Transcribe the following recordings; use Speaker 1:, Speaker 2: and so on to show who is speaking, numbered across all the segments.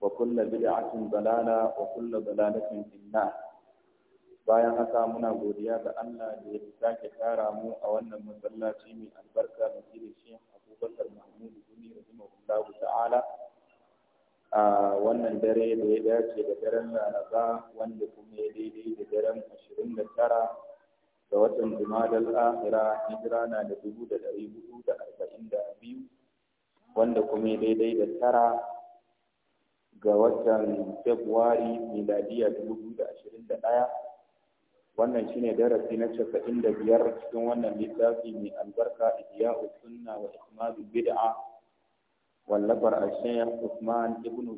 Speaker 1: وكل بدعة ضلالة وكل ضلالة في النار bayan haka muna godiya ga Allah da ya sake tara mu a wannan masallaci mai albarka da shi Abubakar Mahmud Gumi rahimahullahu ta'ala a wannan dare da ya dace da daren Laraba wanda kuma ya daidai da daren 29 ga watan Jumadal Akhira hijira na da 1442 wanda kuma ya daidai da tara ga watan Februari miladiya 2021 wannan shine darasi na 95 cikin wannan littafi mai albarka ya Sunna wa Ikmalu Bid'a
Speaker 2: wallafar Al-Shaykh
Speaker 1: Uthman ibn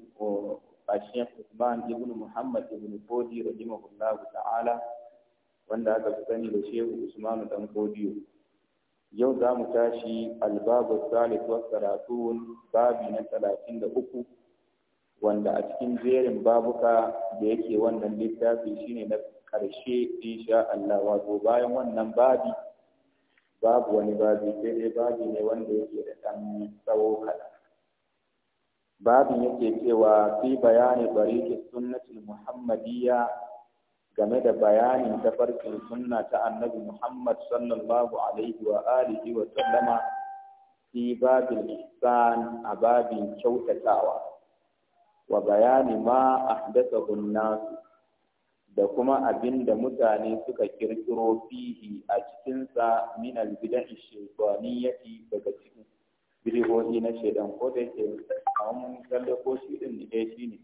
Speaker 1: al ibn Muhammad ibn Fodi rahimahullahu ta'ala wanda aka sani da Shehu Usman dan Fodiyo yau za mu tashi albabu salih wa babi na talatin wanda a cikin jerin babuka da yake wannan littafi shine na ƙarshe sha Allah wato bayan wannan babi babu wani babi sai dai babi ne wanda yake da ɗan tsawo kaɗan babin yake cewa fi bayani bariki sunnati muhammadiyya game da bayanin farkin sunna ta annabi muhammad sallallahu alaihi wa alihi wa sallama fi babin ihsan a babin kyautatawa wa bayani ma ahdathahu an-nas da kuma abinda mutane suka kirkiro fihi a cikinsa min al-bid'ah shaytaniyyati daga cikin bid'o'i na shaytan ko da yake an kalle ko shi din ne dai eh, shine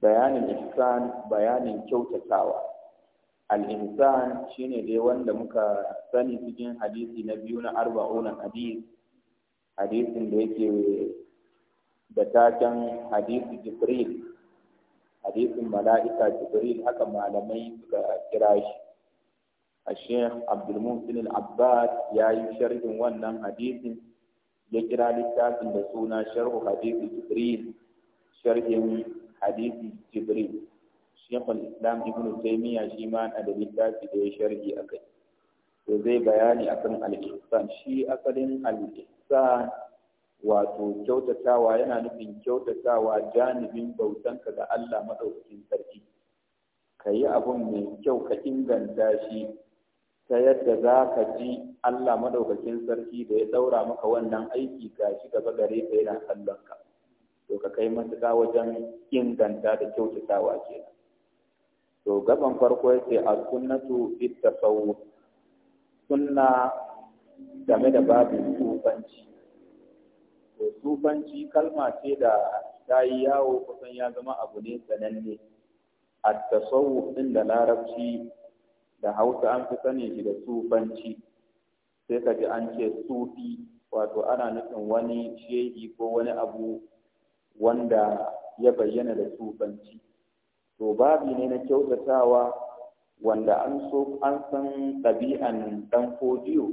Speaker 1: bayanin ihsan bayanin kyautatawa al insan shine dai wanda muka sani cikin hadisi na biyu na arba'una hadis hadisin da yake da taken hadisi jibril hadisin mala'ika jibril haka malamai suka kira shi a sheikh abdulmuhsin al-abbas ya yi sharhin wannan hadisin ya kira littafin da suna sharhu hadisi jibril sharhin hadisi jibril sheikh al-islam ibn taymiya shi ma na da littafi da ya sharhi akai to zai bayani akan al-ihsan shi asalin al-ihsan wato kyautatawa yana nufin kyautatawa janibin bautanka ga Allah maɗaukakin sarki ka yi abun mai kyau ka inganta shi ta yadda za ka ji Allah maɗaukakin sarki da ya ɗaura maka wannan aiki ga shi gaba gare ka yana kallon ka to ka kai matuƙa wajen inganta da kyautatawa kenan to gaban farko yake ce a sunnatu fit sunna game da babin tsufanci to kalma ce da ta yi yawo kusan ya zama abu ne sananne a tasawu ɗin da larabci da hausa an fi sani shi da tubanci sai ka ji an ce sufi wato ana nufin wani shehi ko wani abu wanda ya bayyana da tubanci to babi ne na kyautatawa wanda an so an san ɗabi'an ɗan fodiyo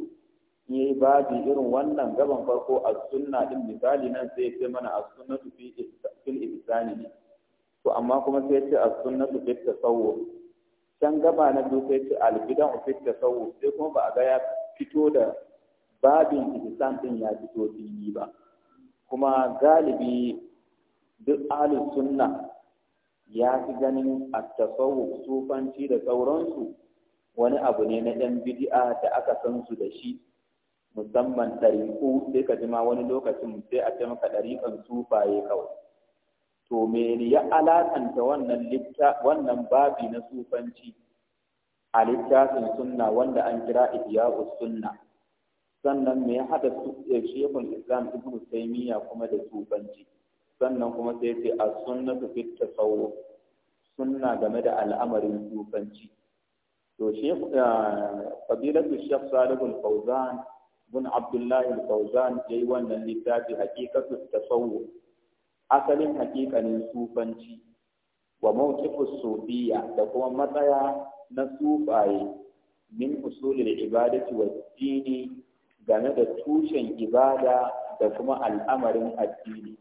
Speaker 1: yi babi irin wannan gaban farko a sunna din misali nan sai ce mana a su fi fil ibsani to amma kuma sai ce a su fi tasawuf can gaba na biyu sai ce al bidan fi tasawuf sai kuma ba a ga ya fito da babin ihsan din ya fito fili ba kuma galibi duk ahli sunna ya fi ganin at-tasawuf sufanci da sauransu wani abu ne na ɗan bid'a da aka san su da shi musamman ɗariƙu sai ka jima wani lokacin sai a ce maka ɗariƙan sufaye kawai to me ya alaƙanta wannan litta wannan babi na sufanci a littafin sunna wanda an kira ihya'us sunna sannan me ya hada eh, shekul islam ibnu taymiya kuma da sufanci sannan kuma sai ce a sunnatu fit tasawwuf sunna game da al'amarin sufanci to shekh eh, fadilatu shekh salihul fawzan bin Abdullahi al ya yi wannan littafi hakikatu tasawuf asalin haƙiƙanin sufanci wa mawqifus sufiyya da kuma matsaya na sufaye min usulil ibadati wa dini game da tushen ibada da kuma al'amarin addini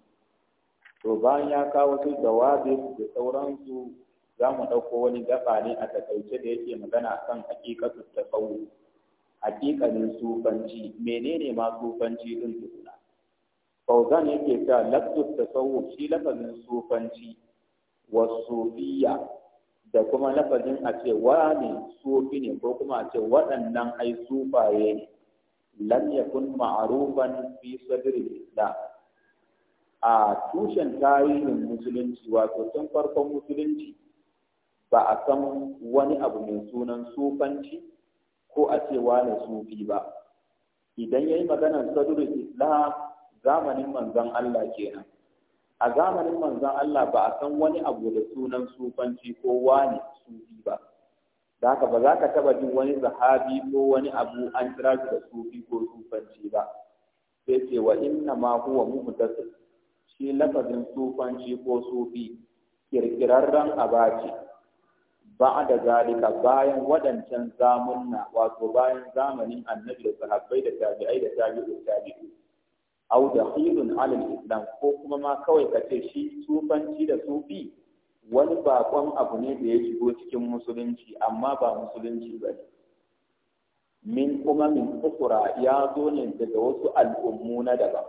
Speaker 1: to bayan ya kawo su jawabi da sauransu za mu ɗauko wani gaba ne a takaice da yake magana kan hakikatu tasawuf hakikanin sufanci menene ma tsufanci din tukuna fauzan yake ta da tasawuf shi lafazin sufanci wa sufiya da kuma lafazin a ce wa ne sufi ne ko kuma a ce waɗannan ai tsufaye ne lam yakun ma'rufan fi sadri da a tushen tarihin musulunci wato tun farkon musulunci ba a san wani abu mai sunan sufanci ko a ce wane sufi ba idan yayi maganar sadurin islam zamanin manzon Allah kenan a zamanin manzon Allah ba a san wani abu da sunan sufanci ko wane sufi ba haka ba za ka taba jin wani zahabi ko wani abu an kira da sufi ko sufanci ba sai ce wa inna ma huwa muhtasib shi lafazin sufanci ko sufi kirkirarren aba ce ba da zalika bayan waɗancan zamunna wato bayan zamanin annabi da sahabbai da tabi'ai da tabi'u tabi'u au da hilun alal islam ko kuma ma kawai ka ce shi sufanci da sufi wani bakon abu ne da ya shigo cikin musulunci amma ba musulunci ba ne min kuma min kufura ya zo ne daga wasu al'ummu na daban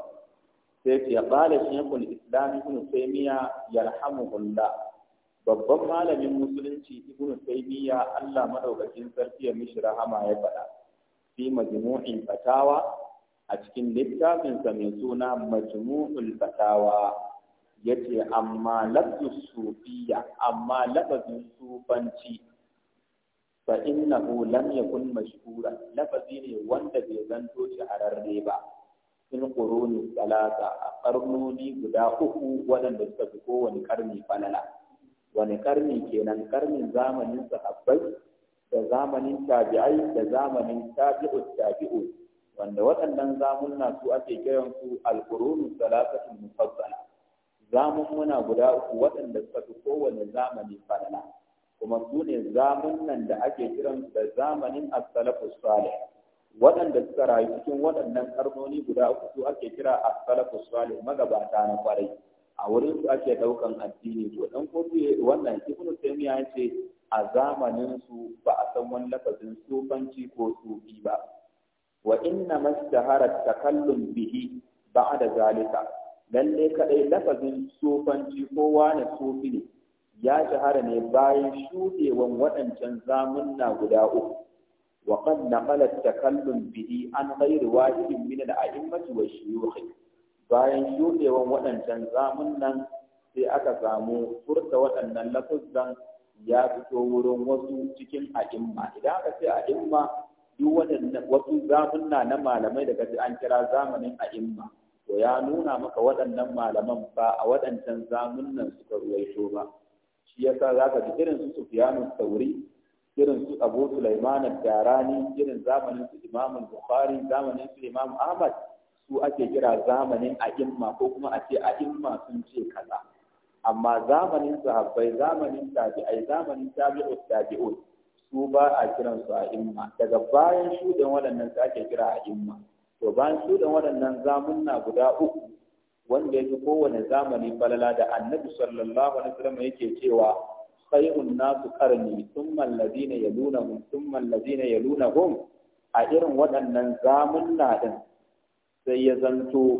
Speaker 1: sai ce qala kun sai miya yarhamu yarhamuhullah babban malamin musulunci ibn taymiya Allah madaukakin sarki ya mishi rahama ya faɗa fi majmu'in fatawa a cikin littafinsa mai suna majmu'ul fatawa yace amma lafzu sufiya amma lafazin sufanci fa innahu lam yakun mashhura lafazi ne wanda bai zanto shi hararre ba in quruni salasa a karnoni guda uku waɗanda suka fi kowane karni falala wani karni kenan karnin zamanin sahabbai da zamanin tabi'ai da zamanin tabiu tabi'u wanda waɗannan zamunna su ake kiran su al-qurunu salasatul mufaddala zamun muna guda uku waɗanda suka fi kowane zamani falala kuma su ne zamunnan da ake kiran su da zamanin as salafu salih waɗanda suka rayu cikin waɗannan karnoni guda uku su ake kira as salafu salih magabata na kwarai a wurin su ake daukan addini to dan kofi wannan ibn taymiya ya ce a zamanin su ba a san wani lafazin sufanci ko sufi ba wa inna mastahara takallum bihi ba'da zalika lalle kadai lafazin sufanci ko wani sufi ne ya shahara ne bayan shudewan waɗancan zamunna guda uku wa qad naqala takallum bihi an ghairi wahidin min al-a'immati wa shuyukhi bayan shuɗewan waɗancan zamun nan sai aka samu furta waɗannan lafuzan ya fito wurin wasu cikin a'imma idan aka ce a'imma duk wasu zamunna na malamai daga an kira zamanin a'imma to ya nuna maka waɗannan malaman ba a waɗancan zamunnan suka ruwaito ba shi yasa za ka ji irin su sufyanu sauri irin su abu sulaiman darani irin zamanin su imam bukhari zamanin su imam ahmad su ake kira zamanin a imma ko kuma a ce a'imma sun ce kaza amma zamanin sahabbai zamanin tabi'ai zamanin tabi'ut tabi'un su ba a kiran su a'imma daga bayan shuɗin waɗannan su ake kira a'imma to bayan shuɗin waɗannan zamunna guda uku wanda ya fi kowane zamani falala da annabi sallallahu alaihi wasallam yake cewa khairun nasu qarni thumma alladhina yalunahum thumma alladhina yalunahum a irin waɗannan zamunna din sai ya zanto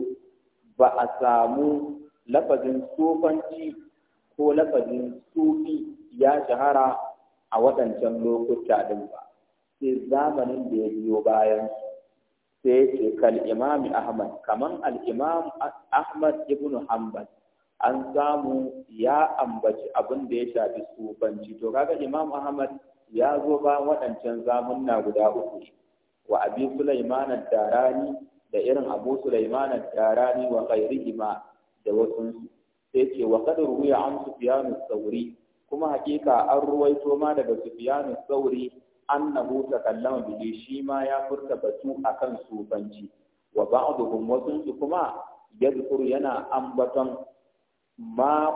Speaker 1: ba a samu lafazin sufanci ko lafazin sufi ya shahara a waɗancan lokuta ɗin ba sai zamanin da ya biyo bayan sai ce kal imami ahmad kaman al imam ahmad ibnu hanbal an samu ya ambaci abin da ya shafi tsofanci to kaga imam ahmad ya zo ba waɗancan zamunna guda uku wa abi sulaiman ad-darani da irin abu sulaiman tarani wa ghairihima da wasunsu sai ce wa qad ruwiya an sufyan sauri kuma hakika an ruwaito ma daga sufyan sauri annahu takallama bihi shi ma ya furta batu akan sufanci wa ba'dhum wasunsu kuma yadhkuru yana ambaton ma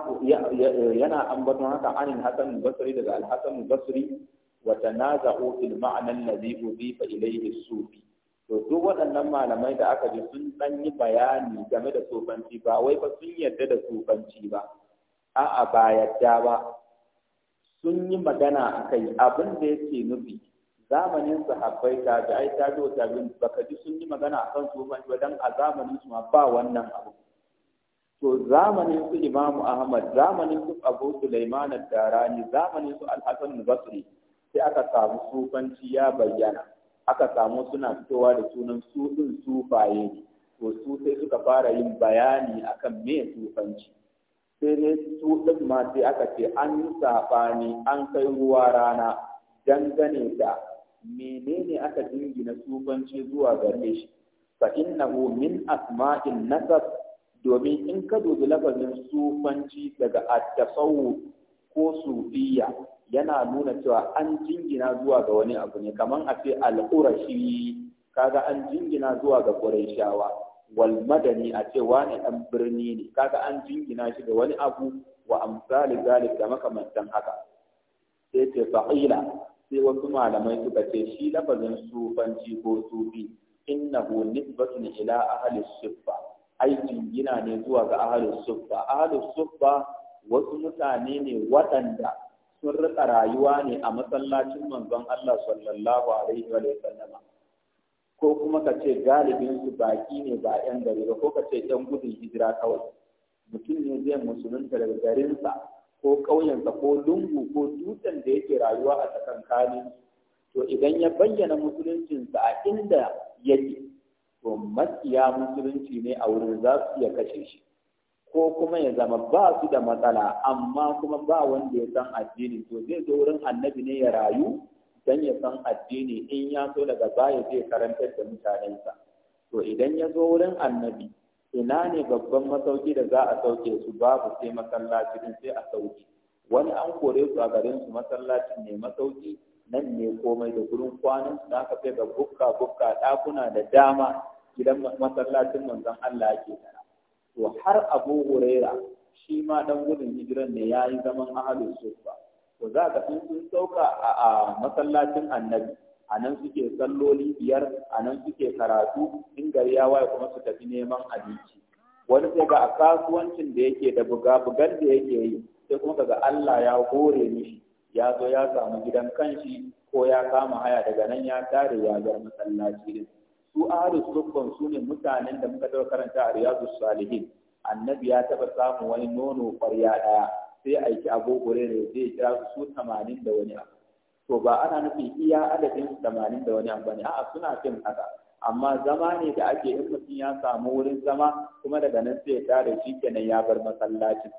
Speaker 1: yana ambaton haka anin hasan basri daga al-hasan basri wa tanaza'u fil ma'na alladhi udifa ilayhi sufi to duk waɗannan malamai da aka ji sun ɗan yi bayani game da tsofanci ba wai ba sun yarda da tsofanci ba a'a ba yarda ba sun yi magana a kai abin da yake nufi zamanin sahabbai ta da ai ta zo ta bin baka ji sun yi magana akan tsofanci ba dan a zamanin su ma ba wannan abu to zamanin su Imam Ahmad zamanin su Abu Sulaiman ad-Darani zamanin su Al-Hasan al-Basri sai aka samu tsofanci ya bayyana aka samu suna fitowa da sunan su ɗin sufaye ne to su sai suka fara yin bayani akan me sufanci sai ne su ɗin ma sai aka ce an saɓani an kai ruwa rana dangane da menene aka jingina sufanci zuwa gare shi fa innahu min asma'in nasab domin in ka dubi lafazin sufanci daga at tasawwuf ko sufiyya yana nuna cewa an jingina zuwa ga wani abu ne kaman a ce al-qurashi kaga an jingina zuwa ga qurayshawa wal madani a ce wani dan birni ne kaga an jingina shi ga wani abu wa amsal zalik da makamantan haka sai ce fa'ila sai wasu malamai suka ce shi lafazin sufanci ko sufi innahu nisbatun ila ahli sufa. ai jingina ne zuwa ga ahli suffa ahli sufa wasu mutane ne waɗanda sun rika rayuwa ne a masallacin manzon Allah sallallahu alaihi wa sallama ko kuma ka ce galibin su baki ne ba yan gari ba ko ka ce yan gudun hijira kawai mutum ne zai musulunta daga garinsa ko ƙauyensa ko lungu ko dutsen da yake rayuwa a tsakankanin to idan ya bayyana musuluncinsa a inda yake to matsiya musulunci ne a wurin za su iya kashe shi ko kuma ya zama ba su da matsala amma kuma ba wanda ya san addini to zai zo wurin annabi ne ya rayu dan ya san addini in ya so daga baya zai karantar da mutanensa to idan ya zo wurin annabi ina ne babban masauki da za a sauke su babu sai masallaci din sai a sauke wani an kore su a garin su masallacin ne masauki nan ne komai da gurin kwanan su na kafe ga bukka bukka dakuna da dama idan masallacin manzon Allah yake da to har abu huraira shi ma dan gudun hijiran ne ya yi zaman ahalin sufa to za ka in sun sauka a masallacin annabi a nan suke salloli biyar a nan suke karatu in gari ya waye kuma su tafi neman abinci wani sai ga a kasuwancin da yake da buga bugan da yake yi sai kuma kaga Allah ya hore mishi ya zo ya samu gidan kanshi ko ya kama haya daga nan ya tare ya bar masallaci din su ahlus suffan su ne mutanen da muka taɓa karanta a riyadu salihin annabi ya taɓa samun wani nono ƙwarya ɗaya sai aiki abu ne zai kira su tamanin da wani abu to ba ana nufin iya adadin tamanin da wani abu ne. a'a suna fim haka amma zama ne da ake in mutum ya samu wurin zama kuma daga nan sai ya tare shi kenan ya bar masallacin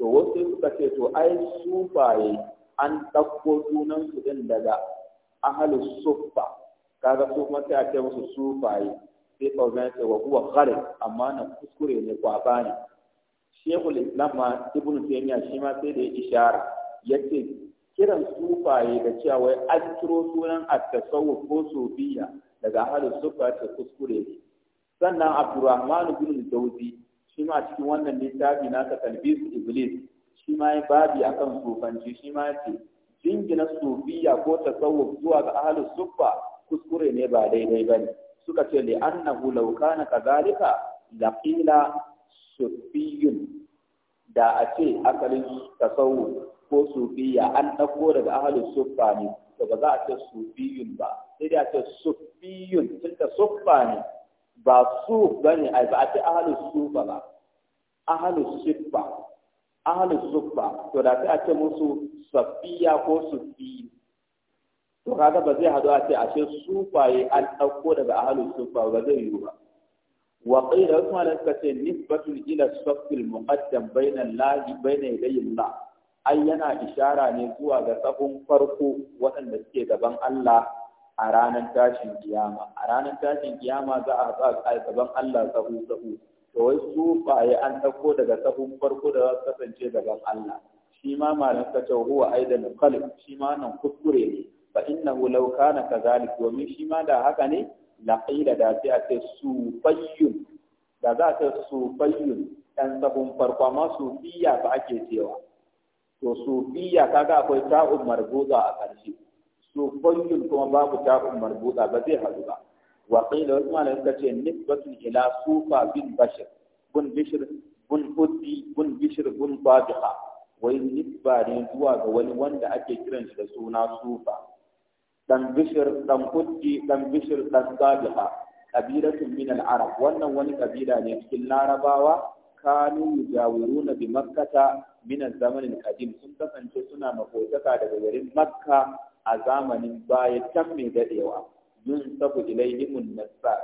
Speaker 1: to wasu suka ce to ai sufaye an ɗauko sunansu ɗin daga ahalus Sufa. kaga su kuma sai a ce musu sufaye sai fauzan ce wa kuwa gharin amma na kuskure ne kwa bani shekul islam ma ibnu taymiya shi ma sai da ya ishara yace kiran sufaye da cewa wai an kiro sunan at-tasawuf ko sufiya daga ahlus sufa ce kuskure sannan abdurrahman ibn jawzi shi ma cikin wannan littafi nasa talbis iblis shi ma ya babi akan sufanci shi ma ya ce jingina sufiya ko tasawuf zuwa ga ahlus sufa kuskure ne ba daidai ba ne suka ce li annahu law kana kadhalika laqila sufiyun da a ce asalin tasawu ko sufiya an ɗauko daga ahalin suffa to ba za a ce sufiyun ba sai dai a ce sufiyun tunda suffa ne ba su bane ai ba a ce ahalin sufa ba ahalin suffa ahalin suffa to da sai a ce musu safiya ko sufiyu to kaga ba zai hadu a ce ashe sufaye an ɗauko daga ahalin sufa ba zai yi ba wa qila usman ka ce nisbatun ila safil muqaddam baina allahi bayna yadayi allah ai yana ishara ne zuwa ga tsafin farko waɗanda suke gaban Allah a ranar tashin kiyama a ranar tashin kiyama za a haɗa gaban Allah tsahu tsahu to wai su baye an ɗauko daga tsafin farko da za su kasance gaban Allah shi ma malam ka ce huwa aidan khalq shi ma nan kuskure ne fa innahu law kana kadhalik domin shi ma da haka ne laqila da sai a ce sufayyun da za a sufayyun ɗan sahun farko amma sufiya ba ake cewa to sufiya kaga akwai ta'un marbuta a ƙarshe sufayyun kuma babu ta'un marbuta ba zai hadu ba wa qila wasu malamai suka ce nisbatun ila sufa bin bashir bun bishir bun huddi bun bishir bun fabiha wai nisba ne zuwa ga wani wanda ake kiran shi da suna sufa dan bisir dan kutti, dan bisir dan sabiha kabilatun min al-arab wannan wani kabila ne cikin larabawa kanu yujawiruna bi makkata min zamanin zaman al-qadim sun kasance suna makotaka daga garin makka a zamanin baya can mai dadewa yun sabu ilayhimun nasa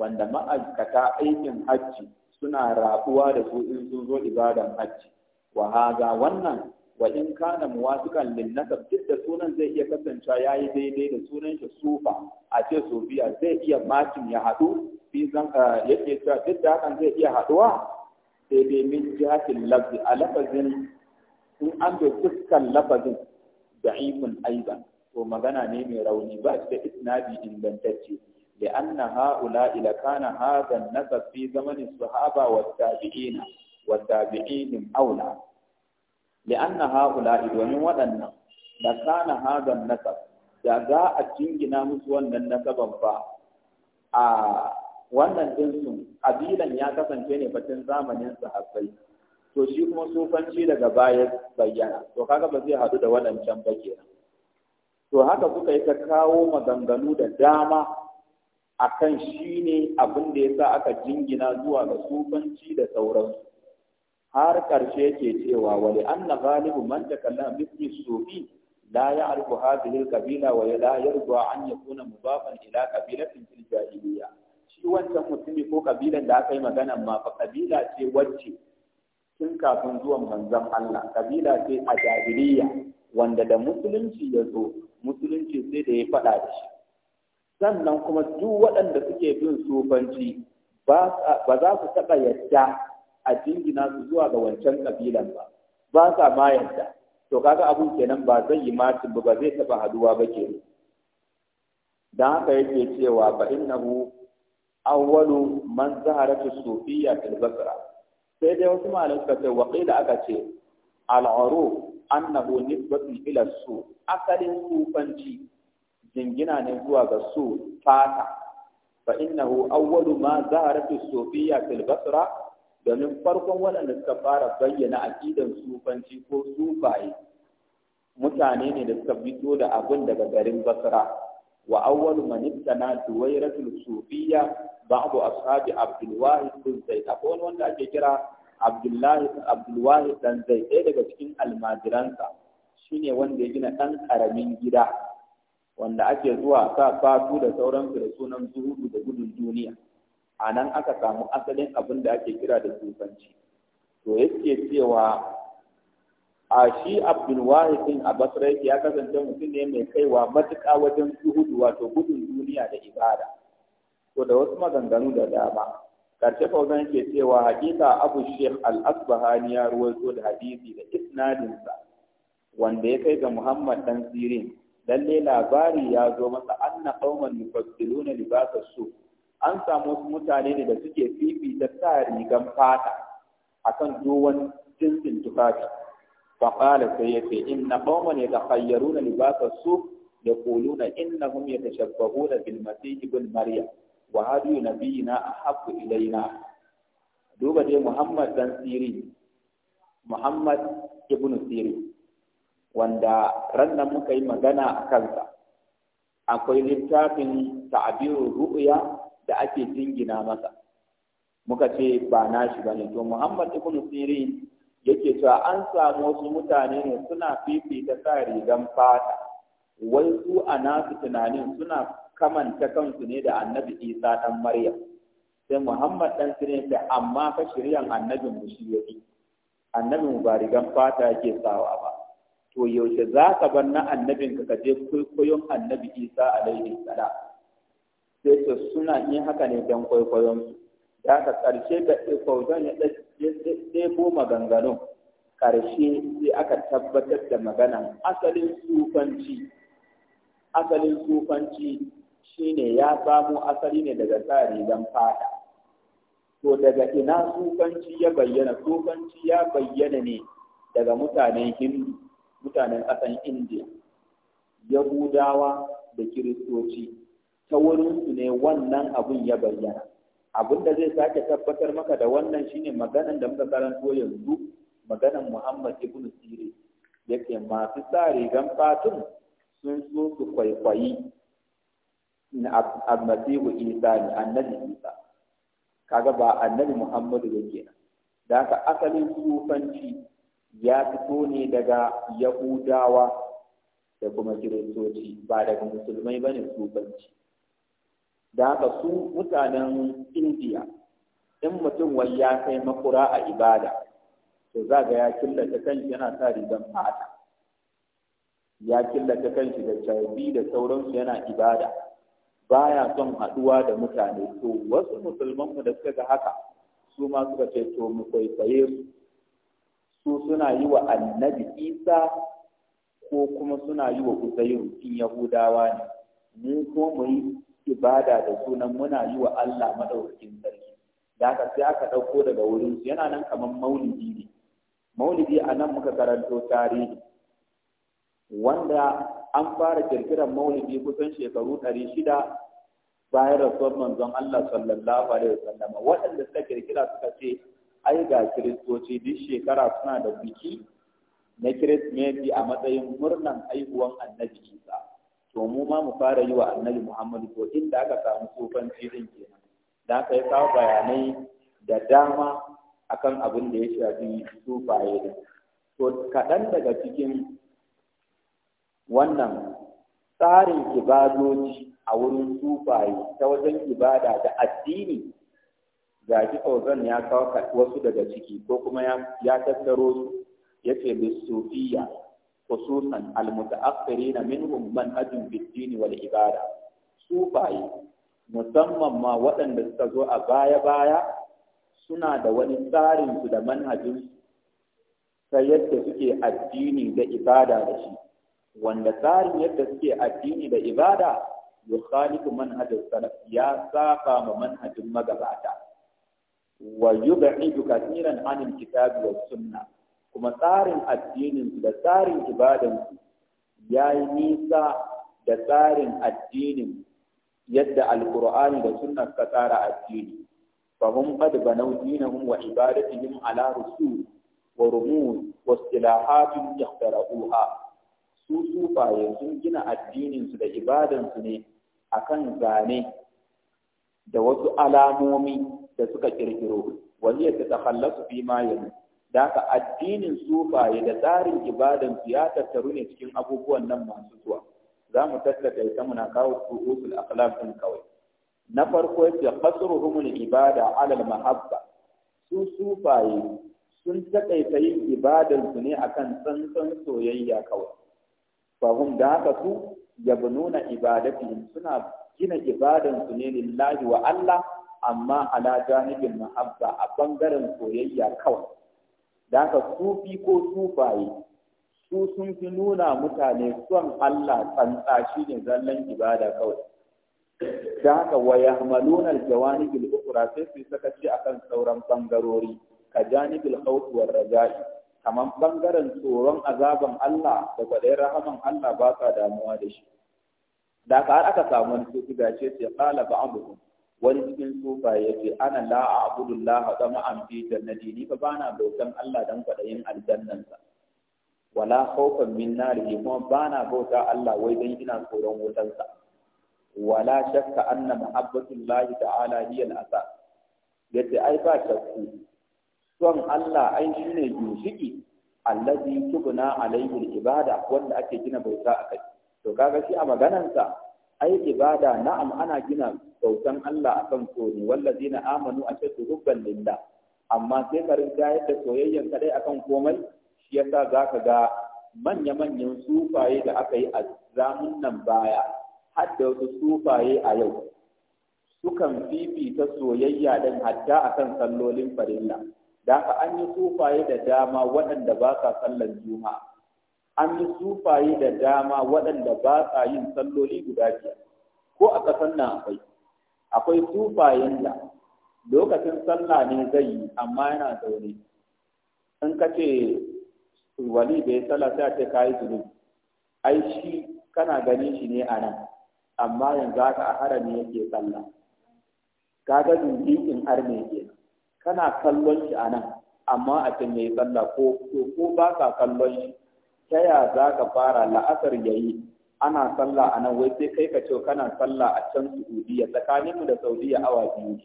Speaker 1: wanda ma'aikata aikin hajji suna rabuwa da su in sun zo ibadan hajji wa haga wannan wa in kana muwafiqan lin nasab duk da sunan zai iya kasancewa yayi daidai da sunan shi sufa a ce sofiya zai iya makin ya hadu fi zan eh, yake cewa duk da hakan zai iya haduwa sai dai min jihatil lafzi a lafazin in an bi fuskan lafazin da'ifun aiban to magana ne mai rauni ba shi da isnadi ingantacce لأن هؤلاء لكان هذا النسب في زمن الصحابة wa والتابعين أولى li'anna haula'i domin waɗannan da kana hagan nasab da za a jingina musu wannan nasaban ba a wannan ɗinsu abilan ya kasance ne batun zamanin sahabbai to shi kuma sufanci daga baya bayyana to kaga ba zai haɗu da waɗancan ba kenan
Speaker 2: to haka suka yi
Speaker 1: ta kawo maganganu da dama akan shi ne abin da ya sa aka jingina zuwa ga sufanci da sauransu har karshe ke cewa wali anna ghalibu man takallama mithli sufi la ya'rifu hadhihi al-qabila wa la yarda an yakuna mudafan ila qabilatin fil jahiliya shi wancan mutumi ko kabilan da aka yi magana ma fa kabila ce wacce tun kafin zuwan manzon Allah kabila ce a jahiliya wanda da musulunci ya zo musulunci sai da ya faɗa da shi sannan kuma duk waɗanda suke bin sufanci ba za su taɓa yadda a jingina su zuwa ga wancan kabilan ba ba sa ma yadda to kaga abun kenan ba zai yi matin ba zai taba haduwa ba ke dan haka yake cewa ba innahu awwalu man zaharatu sufiyya fil basra sai dai wasu malamai suka ce waqila aka ce al-uruf annahu nisbatu ila su asalin sufanci jingina ne zuwa ga su fata fa innahu awwalu ma zaharatu sufiyya fil basra domin farkon waɗanda suka fara bayyana aƙidan sufanci ko sufaye mutane ne da suka fito da abin daga garin basra wa awwalu man ibtana babu sufiyya ba'du ashabi abdul wahid zaid akwai wanda ake kira abdullahi abdul wahid zaid ɗaya daga cikin almajiransa shine wanda ya gina ɗan ƙaramin gida wanda ake zuwa sa fatu da sauran da sunan zuhudu da gudun duniya a nan aka samu asalin abin da ake kira da tsufanci to yake cewa a shi abdulwahid din a basra ya kasance mutum ne mai kaiwa matuƙa wajen zuhudu wato gudun duniya da ibada to da wasu maganganu da dama karshe fauzan yake cewa hakika abu sheikh al-asbahani ya ruwaito da hadisi da isnadinsa wanda ya kai ga muhammad dan sirin lalle labari ya zo masa anna qauman yufassiluna libasa su an samu wasu mutane ne da suke fifita sa rigan fata a kan dogon jinsin tufafi faƙala sai ya ce in na ne da yatakhayyaru na libasar su yaquluna innahum yatashabbahuna da Bilmasi ibn maryam wa hadu a haku ilaina duba dai muhammad dan siri muhammad ibn siri wanda rannan muka yi magana a kansa akwai littafin ta'abirul ruuya da ake jingina masa muka ce ba na nashi bane to Muhammad ibn Sirin yake cewa an samu wasu mutane ne suna fifita sa rigan fata wai su a nasu tunanin suna kamanta kansu ne da annabi Isa dan Maryam sai Muhammad dan Sirin ta amma fa shiryan annabin mu shi yake annabin mu ba rigan fata yake sawa ba to yaushe za ka bar na annabin ka je kwaikwayon annabi Isa alaihi salam sai suna yin haka ne don kwaikwayon su da haka ƙarshe da kwaikwayon ya ɗebo maganganun ƙarshe sai aka tabbatar da maganan asalin sufanci asalin sufanci shine ya samo asali ne daga tsari don fata to daga ina sufanci ya bayyana sufanci ya bayyana ne daga mutanen hindu mutanen ƙasan indiya yahudawa da kiristoci ta wurinsu ne wannan abun ya bayyana abin da zai sake tabbatar maka da wannan shine maganan da muka karanto yanzu maganan Muhammad ibn Sirin yake masu sa rigan fatun sun so su kwaikwayi almasihu isa ne annabi isa kaga ba annabi muhammadu ya kenan da haka asalin sufanci ya fito ne daga yahudawa da kuma kiristoci ba daga musulmai bane sufanci da haka su mutanen indiya in mutum wai ya kai makura a ibada to za ga ya killace kanshi yana sa rigar fata ya killace kanshi da carbi da sauransu yana ibada baya son haɗuwa da mutane to wasu musulmanmu da suka ga haka su ma suka ce to mu kwaikwaye su su suna yi wa annabi isa ko kuma suna yi wa uzairu in yahudawa ne Ni ko mu yi ibada da sunan muna yi wa Allah madaukakin sarki da haka sai aka ɗauko daga wurin su yana nan kamar maulidi ne maulidi a nan muka karanto tarihi wanda an fara kirkirar maulidi kusan shekaru ɗari shida bayan rasuwar manzon Allah sallallahu alaihi wasallam waɗanda suka kirkira suka ce ai ga kiristoci duk shekara suna da biki na kirismeti a matsayin murnan aihuwan annabi Isa to mu ma mu fara yi wa annabi Muhammadu ko inda aka samu tsofanci din kenan da aka yi kawo bayanai da dama akan abin da ya shafi sufaye da to kaɗan daga cikin wannan tsarin ibadoji a wurin sufaye ta wajen ibada da addini ga shi fauzan ya kawo wasu daga ciki ko kuma ya tattaro su ya ce khususan almutaakhirina minhum manhajun manhajin din wal ibada sufaye musamman ma waɗanda suka zo a baya-baya suna da wani tsarinsu da manhajin ta yadda suke addini da ibada da shi wanda tsarin yadda suke addini da ibada yukhalifu manhajus salaf ya saba ma manhajin magabata wa yub'idu katiran anil kitabi was sunna. kuma tsarin addininsu da tsarin ibadansu ya yi nisa da tsarin addinin yadda alkur'ani da sunna ka tsara addini fa hum qad banaw dinahum wa ibadatihim ala rusul wa rumuz wa istilahatin yahtara'uha su sufaye sun gina addinin da ibadan su ne akan zane da wasu alamomi da suka ƙirƙiro wani ya ta takhallasu fi ma yanzu da haka addinin sufaye da tsarin ibadan su ya tattaru ne cikin abubuwan nan masu zuwa za mu tattaka ita muna kawo ru'usul akhlaq din kawai na farko yace qasruhum ibada ala al mahabba su sufaye sun takaita yin ibadan su ne akan tsantsan soyayya kawai fahum da haka su yabnuna ibadatihim suna gina ibadan su ne lillahi wa Allah amma ala janibin mahabba a bangaren soyayya kawai da haka sufi ko sufaye su sun fi nuna mutane son Allah tsantsa shi ne zallan ibada kawai da haka wa yahmaluna aljawanibil ukhra sai su sakaci akan sauran bangarori ka janibil khawf war raja'i kaman bangaren tsoron azaban Allah da kwadayin rahaman Allah ba ka damuwa da shi da ka har aka samu wani su gace sai qala ba'amuhum wani cikin sufa ya ce ana la'a a'budullah zama an fi jannati ni fa bana bautan Allah dan kwadayin aljannansa wala khawfan min narihi kuma bana bauta Allah wai dan ina tsoron wutansa wala shakka anna muhabbatullahi ta'ala hiya al-asa yace ai ba shakku son Allah ai shine ginshiki allazi tubna alayhi ibada wanda ake gina bauta akai to kaga shi a maganarsa ai ibada na'am ana gina bautan Allah akan so ne na amanu a ashaddu hubban linda. amma sai ka rinka yadda soyayyan kadai akan komai shi za ka ga manya-manyan sufaye da aka yi a zamun nan baya har wasu sufaye a yau sukan fifita soyayya din hatta akan sallolin farilla da haka an yi sufaye da dama waɗanda ba sa sallan juma'a an yi sufaye da dama waɗanda ba sa yin salloli guda biyar ko a ƙasar nan akwai akwai sufayen da lokacin sallah ne zai yi amma yana zaune in ka ce wali bai sallah sai a ce ka yi ai shi kana ganin shi ne a nan amma yanzu haka a harami yake sallah kaga in arme ke kana kallon shi a nan amma a ce yayi sallah ko ko ba ka kallon shi ta ya za ka fara la'asar yayi ana sallah a nan wai sai kai ka ce kana sallah a can Saudiya tsakaninmu da Saudiya awa biyu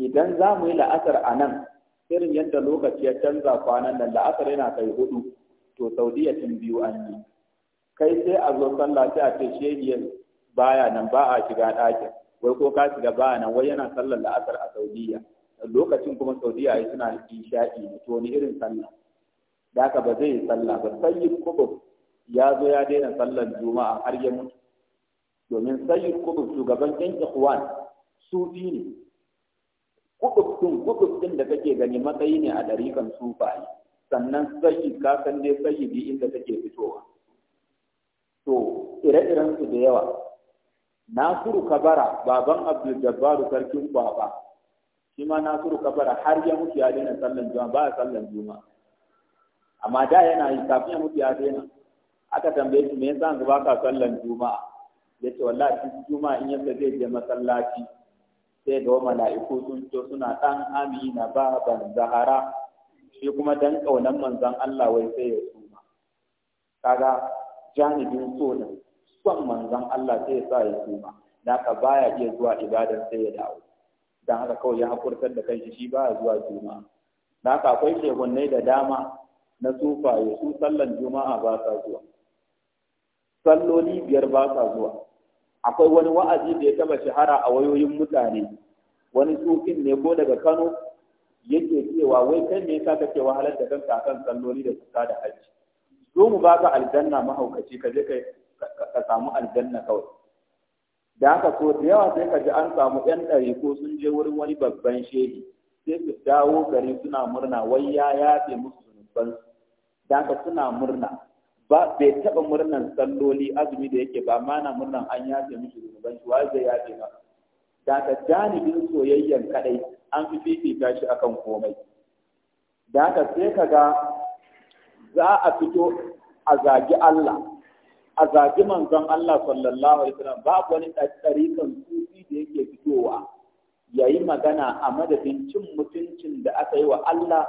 Speaker 1: idan za mu yi la'asar a nan irin yadda lokaci ya canza kwanan nan la'asar yana kai hudu to Saudiya tun biyu an yi kai sai a zo sallah sai a ce shehiyar baya nan ba a shiga ɗakin wai ko ka shiga baya nan wai yana sallar la'asar a Saudiya lokacin kuma Saudiya ai suna isha'i ne to ni irin sallah da ka ba zai yi sallah ba sai yi kubu ya zo ya daina sallar juma'a har ya mutu domin sayyid kutub shugaban yan ikhwan sufi ne kutub din kutub din da kake gani matsayi ne a dariƙan sufaye sannan sayyid ka san dai bi inda take fitowa to ire-iren su da yawa nasiru kabara baban abdul jabbaru sarkin baba shi ma nasiru kabara har ya mutu ya daina sallan juma'a ba sallan juma'a amma da yana yi kafin ya mutu ya daina aka tambaye shi me yasa ba ka sallan juma'a ya ce wallahi juma'a in yasa zai je masallaci sai ga mala'iku sun ce suna dan amina baban zahara shi kuma dan kaunan manzon Allah wai sai ya suma kaga janibin so ne son manzon Allah sai ya sa ya suma da ka baya iya zuwa ibadar sai ya dawo dan haka kawai ya hakurtar da kanshi shi ba zuwa juma'a da haka akwai shegunnai da dama na sufaye su sallan juma'a ba sa zuwa salloli biyar ba sa zuwa akwai wani wa'azi da ya taba shahara a wayoyin mutane wani tsufin ne ko daga Kano yake cewa wai kai ne ka kake wahalar da kanka akan salloli da suka da hajji zo mu baka aljanna mahaukaci ka je ka samu aljanna kawai da haka ko da yawa sai ka ji an samu yan ɗari ko sun je wurin wani babban shehi sai su dawo gari suna murna wai ya yafe musu zunubansu da haka suna murna ba bai taɓa murnan salloli azumi da yake ba mana murnan an yafe miki zunuban shi wai zai yafe ma da ka janibin soyayyan kadai an fi fifita shi akan komai da ka sai ka ga za a fito a zagi Allah a zagi manzon Allah sallallahu alaihi wasallam ba wani tsarikan sufi da yake fitowa yayi magana a madadin cin mutuncin da aka yi wa Allah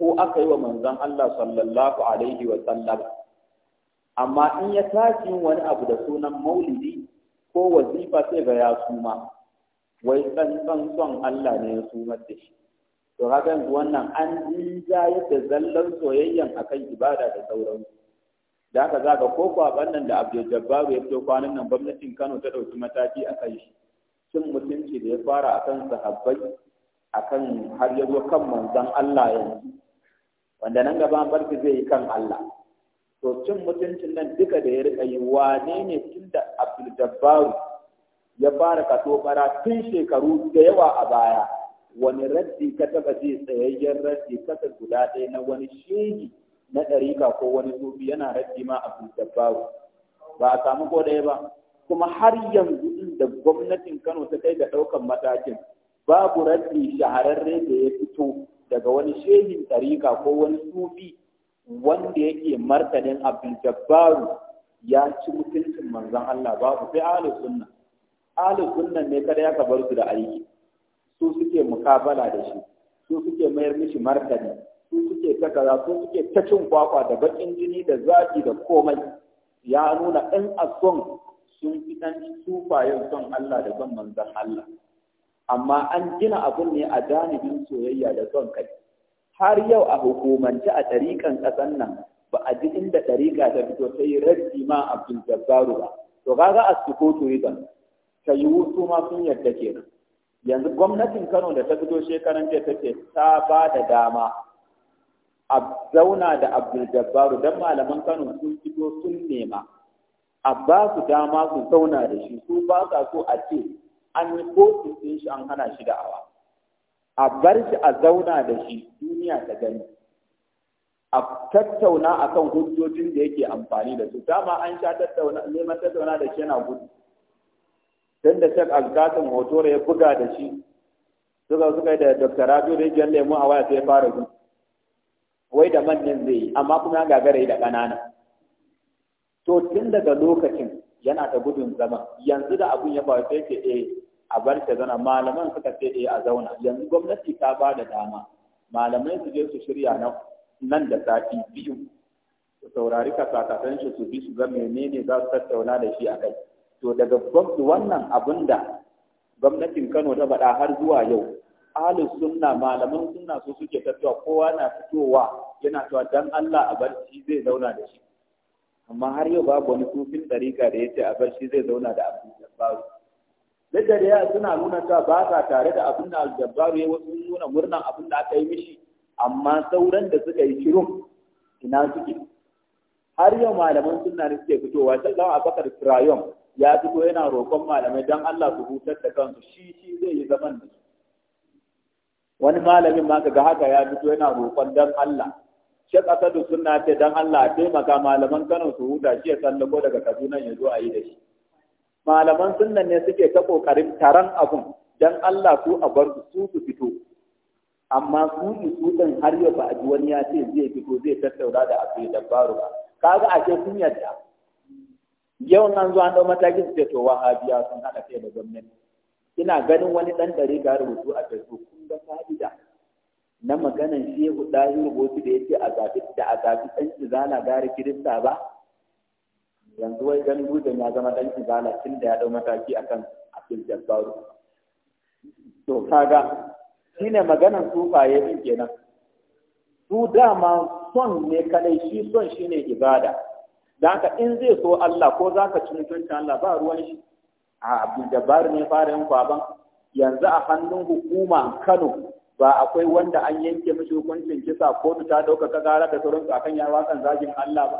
Speaker 1: ko aka yi wa manzon Allah sallallahu alaihi wasallam amma in ya tashi wani abu da sunan maulidi ko wazifa sai ga ya suma wai tsantsan son Allah ne ya sumar da shi to haka yanzu wannan an jinja yadda zallan soyayyan akan ibada da sauransu da haka zaka ko kwaban nan da Abdul Jabbar ya fito kwanan nan gwamnatin Kano ta ɗauki mataki akan shi cin mutunci da ya fara akan sahabbai akan har ya zo kan manzon Allah yanzu wanda nan gaba barki zai yi kan Allah to cin mutuncin nan duka da ya rika yi wane ne tun da abdul ya fara kato fara tun shekaru da yawa a baya wani raddi ka taba je tsayayyen raddi kasa guda ɗaya na wani shehi na ɗarika ko wani tobi yana raddi ma abdul ba a samu ko ɗaya ba kuma har yanzu da gwamnatin kano ta kai da ɗaukan matakin babu raddi shahararre da ya fito daga wani shehin ɗarika ko wani sufi wanda yake martanin abin jabbaru ya ci mutuncin manzon Allah ba ku sai ahlus sunna ahlus sunna ne kada ya kabar su da aiki su suke mukabala da shi su suke mayar mishi martani su suke ta kaza su suke ta cin kwakwa da bakin jini da zaki da komai ya nuna in ason sun fi tufa sufayen son Allah da son manzon Allah amma an gina abun ne a janibin soyayya da son kai har yau a hukumance a ɗariƙan ƙasan nan ba a ji inda ɗariƙa ta fito ta yi raddi ma abdul jabbaru ba to za a sukotu turizan. ta yi wutu ma sun yarda ke. yanzu gwamnatin kano da ta fito shekaran jiya ta ce ta ba da dama a zauna da abdul jabbaru don malaman kano sun fito sun nema a ba su dama su zauna da shi su ba sa so a ce an yi kotun sun shi an hana shi da awa. a bar shi a zauna da shi duniya ta gani a tattauna a kan hujjojin da yake amfani da su dama an sha tattauna neman tattauna da shi yana gudu don da Sheikh al hoto ya buga da shi suka suka da Dr. Rabiu yake Lemu a waya sai ya fara gudu wai da manyan zai yi amma kuma ya gagara da ƙanana to tun daga lokacin yana ta gudun zama yanzu da abin ya faru sai ce eh a bar ta zana malaman suka ce eh, a zauna yanzu gwamnati ta ba da dama malamai su je su shirya nan da sati biyu su saurari sakatan shi su bi su ga menene za su tattauna da shi a kai to daga gwamnati wannan abin da gwamnatin Kano ta faɗa har zuwa yau ahlus sunna malaman sunna su suke tattawa kowa na fitowa yana cewa dan Allah a barci zai zauna da shi amma har yau babu wani sufin ɗarika da ya ce a barci zai zauna da Abdul Jabbar duk da ya suna nuna sa ba sa tare da abin da aljabbaru ya wasu nuna murnan abin da aka yi mishi amma sauran da suka yi shirin ina suke har yau malaman suna da suke fitowa sai zama abakar firayon ya fito yana roƙon malamai don Allah su hutar da kansu shi shi zai yi zaman da su wani malamin ma ga haka ya fito yana roƙon don Allah Shek da suna ce don Allah a taimaka malaman Kano su huta shi ya sallako daga Kaduna ya zo a yi da shi. malaman sunnan ne suke ta kokarin taron abun dan Allah su a bar su su fito amma su su har yau ba a ji wani ya ce zai fito zai tattauna da abin dabbaru ba kaga a ce sun yadda yau nan zuwa an dau matakin su ce to wahabiya sun haɗa kai da gwamnati ina ganin wani ɗan ɗari ga rubutu a facebook kun ga fa'ida na maganan shehu ɗahi rubutu da ya ce a zafi da a zafi ɗan izana gari kirista ba yanzu wai ganin gudun ya zama dan izala tun da ya dau mataki akan abdul jabbaru to kaga shine maganan sufaye din kenan su dama son ne kadai shi son shine ibada dan ka in zai so Allah ko zaka ci mutuncin Allah ba ruwan shi a abdul jabbar ne fara yin kwaban yanzu a hannun hukuma Kano ba akwai wanda an yanke mashi hukuncin kisa kotu ta dauka gara da sauransu akan yawa kan zagin Allah ba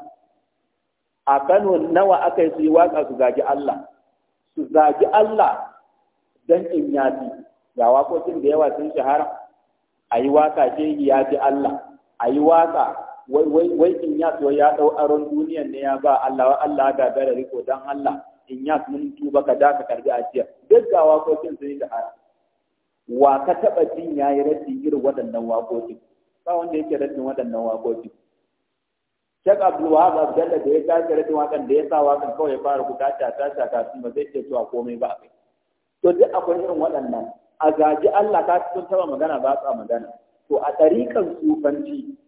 Speaker 1: a Kano nawa aka yi su yi waka su zagi Allah su zagi Allah don in yafi ga waƙoƙin da yawa sun shahara a yi waka ke ya fi Allah a yi waka wai in yafi wai ya ɗau aron duniyan ne ya ba Allah wa Allah da riko dan Allah in ya mun tuba ka da ka a ajiya duk ga waƙoƙin sun yi shahara wa ka taɓa jin ya yi rashin irin waɗannan waƙoƙin ba wanda yake rashin waɗannan waƙoƙin Shek Abdul Wahab Abdalla da ya tashi rashin wakan da ya sa wakan kawai ya fara ku tata tata kafin ba zai ce cewa komai ba kai. To duk akwai irin waɗannan a gaji Allah ka sun taba magana ba sa magana. To a ɗarikan sufanci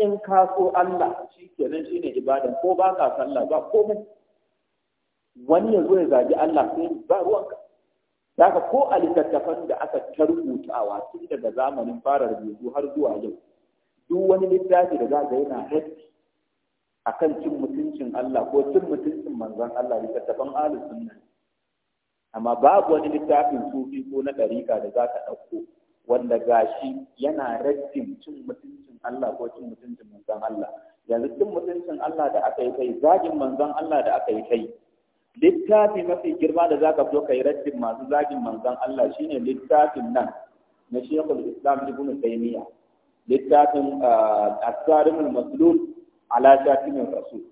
Speaker 1: in ka so Allah shi kenan shi ne ibadan ko ba ka sallah ba komai. Wani ya zo ya zagi Allah sai ba ruwanka. Daga ko a littattafan da aka a tun daga zamanin fara rubutu har zuwa yau. Duk wani littafi da za ga yana haiti akan cin mutuncin Allah ko cin mutuncin manzon Allah littattafan ahli sunna amma babu wani littafin sufi ko na ɗarika da za ka ɗauko wanda gashi yana raddin cin mutuncin Allah ko cin mutuncin manzon Allah yanzu cin mutuncin Allah da aka yi kai zagin manzon Allah da aka yi kai littafi mafi girma da zaka zo kai raddin masu zagin manzon Allah shine littafin nan na Sheikhul Islam Ibn Taymiyyah littafin ah, Asarimul Maslul ala shatimin rasul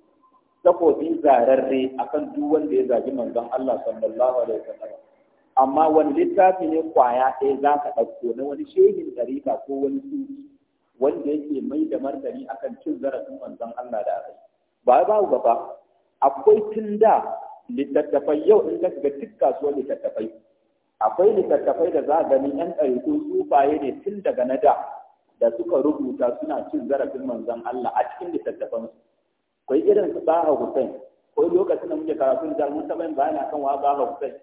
Speaker 1: takobi zararre akan duk wanda ya zagi manzon Allah sallallahu alaihi wasallam amma wani littafi ne kwaya ɗaya za ka ɗauko na wani shehin ɗarika ko wani shi. wanda yake mai da martani akan cin zarafin manzon Allah da aka ba ba ba ba akwai tun da littattafai yau in ka shiga duk kasuwar littattafai akwai littattafai da za a gani ko ɗarikun sufaye ne tun daga na da da suka rubuta suna cin zarafin manzon Allah a cikin littattafansu Kwai irin su Baha Hussein kwai lokacin da muke karatu da mun taɓa yin bayani kan wa Baha Hussein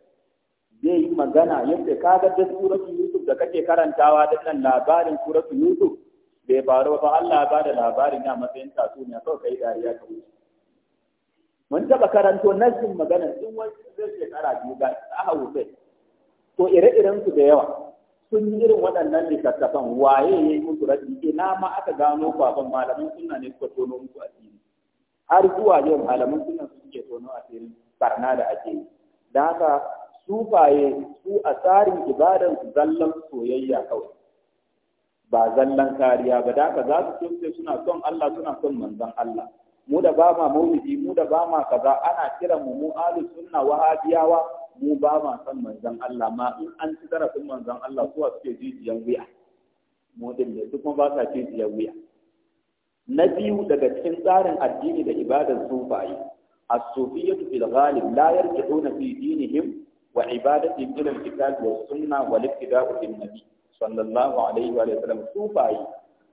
Speaker 1: zai yi magana yadda ka ga da suratu Yusuf da kake karantawa da nan labarin suratu Yusuf bai faru ba Allah ba da labarin ya matsayin tatsuniya kawai kai dariya ta wuce mun taɓa karanto nasin magana in wani zai shekara biyu ga Baha Hussein to ire irensu da yawa sun yi irin waɗannan littattafan waye ya yi musu rabi ina ma aka gano kwafan malamin suna ne suka tono musu asiri har zuwa yau malamin suna su suke tono asirin barna da ake yi da haka sufaye su a tsarin ibadan su zallan soyayya kawai ba zallan kariya ba da haka za su ce suna son Allah suna son manzon Allah mu da ba ma maulidi mu da ba ma kaza ana kiran mu mu sunna wahabiyawa mu ba ma san manzon Allah ma in an ci zarafin manzan Allah kuwa suke jijiyan wuya mu din ne duk kuma ba sa jijiyan wuya na biyu daga cikin tsarin addini da ibadar sufaye as sufiyatu fil ghalib la yarji'una fi dinihim wa ibadatihim ila al-kitab wa sunnah wal ittiba'u bin nabi sallallahu alaihi wa sallam sufaye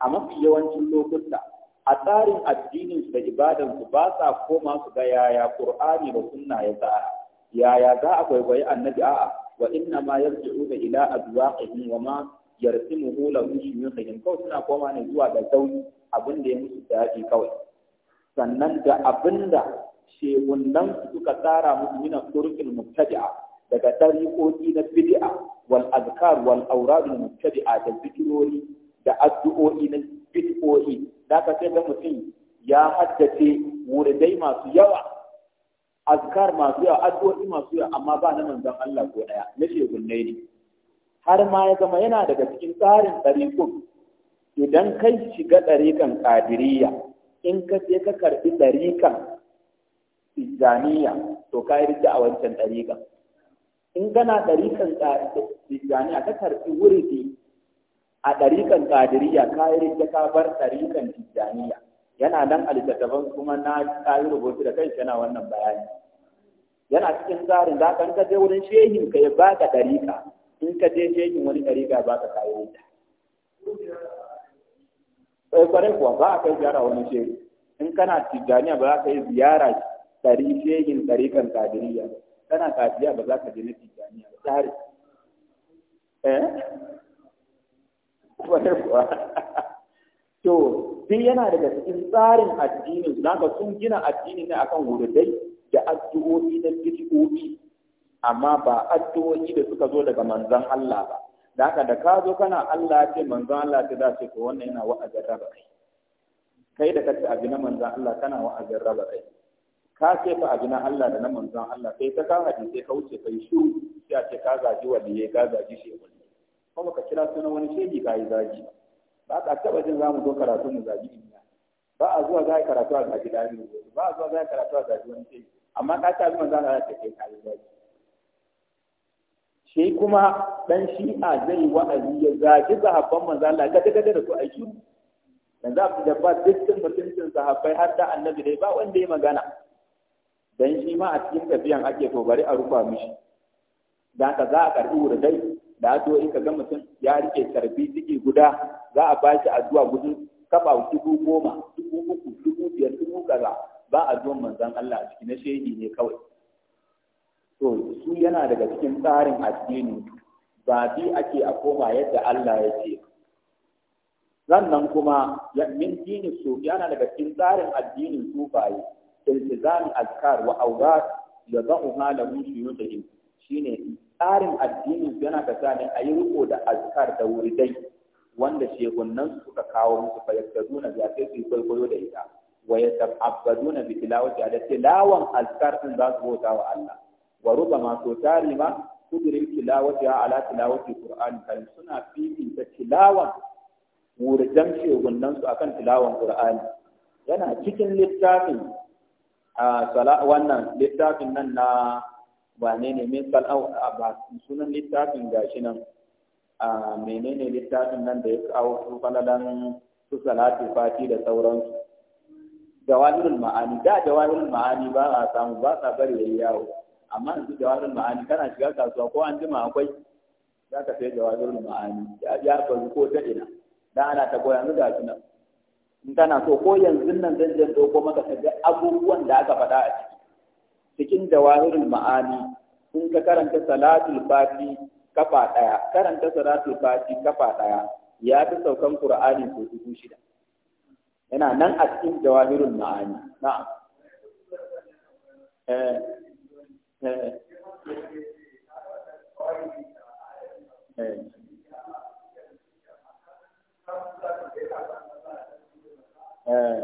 Speaker 1: a mafi yawancin lokuta a tsarin addinin da ibadan su ba sa koma su ga yaya qur'ani da sunna ya tsara yaya za a kwaikwayi annabi a'a wa inna ma yarji'u da ila adwaqihim wa ma yarsimuhu lahum shuyukhihim kawai suna koma ne zuwa da zauni abin da ya musu daɗi kawai sannan da abinda da suka tsara musu mina turkin mubtadi'a daga dariƙoƙi na bid'a wal azkar wal awrad al mubtadi'a da zikirori da addu'o'i na bid'o'i da ka sai da mutum ya haddace wuridai masu yawa azkar masu yawa addu'o'i masu yawa amma ba na manzon Allah ko daya na shegunnai ne har ma ya zama yana daga cikin tsarin ɗariƙun idan kai shiga ɗariƙan ƙadiriya in ka je ka karɓi ɗariƙan tijjaniya to ka yi a wancan ɗariƙan in kana ɗariƙan tijjaniya ka karɓi ne a ɗariƙan ƙadiriya ka yi ka bar ɗariƙan tijjaniya yana nan a littattafan kuma na kayi rubutu da kai yana wannan bayani yana cikin tsarin za ka je wurin shehin ka ya baka ɗarika in ka je shehin wani ɗarika ba ka kayi wuta sai eh, kwarai kuwa ba a kai ziyara wani shehi in kana tijjaniya ba za ka yi ziyara dari shehin ɗarikan kadiriya kana kadiriya ba za ka je na tijjaniya ba tsari eh kwarai kuwa duk yana daga cikin tsarin addinin za ka sun gina addini ne akan wurudai da addu'o'i da bid'o'i amma ba addu'o'i da suka zo daga manzon Allah ba da haka da ka zo kana Allah ce manzon Allah ce za ce to wannan yana wa'azin raba kai kai da kace abin manzon Allah kana wa'azin raba kai ka ce fa abin Allah da na manzon Allah kai ta ka hadisi ka wuce kai shiru sai ce ka zaji waliye ka zaji shehu kuma ka kira sunan wani shehi ka yi zaji ba ka taba jin za mu zo karatu mu zagi duniya ba a zuwa za a karatu a zagi dami ba a zuwa za a karatu a zagi wani sai amma ka ta bi manzo Allah ta kai kai zagi sai kuma dan shi'a zai wa'azi ya zagi sahabban manzo Allah kada kada da su a dan yanzu ku da ba dukkan mutuncin sahabbai har da annabi dai ba wanda ya magana dan shi ma a cikin tafiyan ake to bari a rufa mishi da ka za a karɓi wurdai da in ka ga mutum ya rike tarbi ciki guda za a ba shi addu'a gudun kafa dubu goma dubu uku dubu biyar dubu kaza ba a addu'an manzan Allah a ciki na shehi ne kawai to su yana daga cikin tsarin addini ba bi ake a koma yadda Allah ya ce sannan kuma min dini su yana daga cikin tsarin addinin sufaye iltizami azkar wa awrat yadauha lahu shuyutihim shine tsarin addinin yana da sa ne a yi riko da azkar da wuridai wanda shegunan suka kawo musu fa yaduna ya sai su da ita wa yatabaduna bi tilawati da tilawan azkar din za su bauta wa Allah wa ma so tari ma kudirin tilawati ala tilawati qur'ani kan suna fifin da tilawan wuridan shegunan su akan tilawan qur'ani yana cikin littafin a wannan littafin nan na wane ne min A ba sunan littafin gashi nan a menene littafin nan da ya kawo su falalan su salatu fati da sauransu jawahirul ma'ani da jawahirul ma'ani ba a samu ba sa bari yayi yawo amma yanzu jawahirul ma'ani kana shiga kasuwa ko an jima akwai za ka sai jawahirul ma'ani ya ya bazu ko ta ina da ana ta koya yanzu gashi nan in kana so ko yanzu nan zan je ko maka ka ga abubuwan da aka faɗa a ciki cikin jawahirul ma'ani in ka karanta salatul fati kafa daya karanta salatul fati kafa daya ya fi saukan qur'ani ko dubu shida yana nan a cikin jawahirul ma'ani na'am eh eh eh eh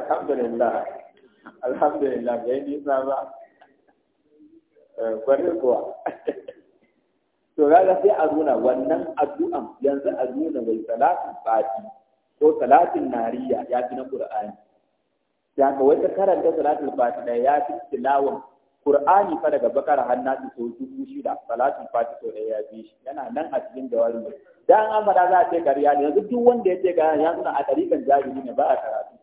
Speaker 1: alhamdulillah alhamdulillah bai nisa ba eh, kwarai kuwa to kaga sai a nuna wannan addu'an yanzu a nuna mai salatin fati ko salatin nariya ya fi na qur'ani ya ka wata karanta salatin fati da ya fi tilawan Qur'ani fa daga bakar hannatu so dubu shida salatin fati so ɗaya ya bi shi yana nan a cikin jawarin mai dan an za a ce kariya ne yanzu duk wanda ya ce ga ya suna a tarikan jahili ne ba a karatu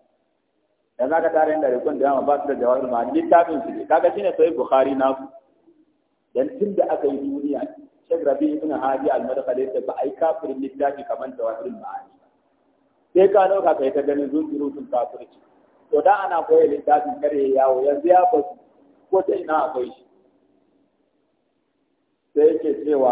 Speaker 1: yanzu aka tare yin ɗarikun da yawa ba su da jawarin ma littafin su ne kaga shine sai Bukhari ku dan tun da aka yi duniya Sheikh Rabi ibn Hadi al-Madkhali ta ba ai kafirin littafi kamar jawarin ma'ani sai ka dauka kai ta ganin zunzurutun kafirci to da ana koya littafin kare yawo yanzu ya su ko ta ina akwai shi sai yake cewa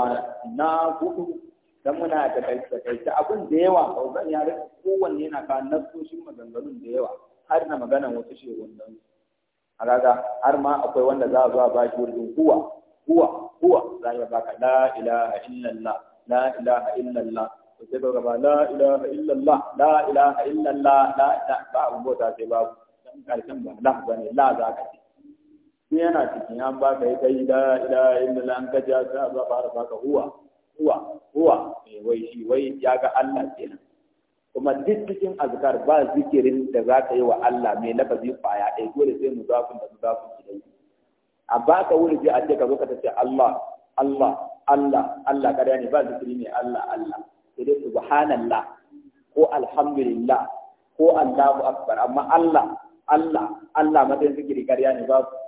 Speaker 1: na gudu dan muna da takaice abin da yawa Fauzan zan yare kowanne yana ka nassoshin maganganun da yawa har na maganan shi shegunan kaga har ma akwai wanda za a zo a baki wurin kuwa kuwa kuwa za ya baka la ilaha illallah la ilaha illallah sai ka gaba la ilaha illallah la ilaha illallah la ba abubuwa sai babu dan karshen ba la bane la za ka ce shi yana cikin an ba ka ita ila ila illa an ka ja ka ba ba ba ka huwa huwa huwa eh wai shi wai ya ga Allah kenan kuma duk cikin azkar ba zikirin da za ka yi wa Allah mai lafazi kwaya ɗaya dole sai mu zafin da mu zafin ki a ba ka wuri je a ce ka zo ka tace Allah Allah Allah Allah kada ne ba zikiri ne Allah Allah sai dai subhanallah ko alhamdulillah ko Allahu akbar amma Allah Allah Allah madan zikiri kariya ne babu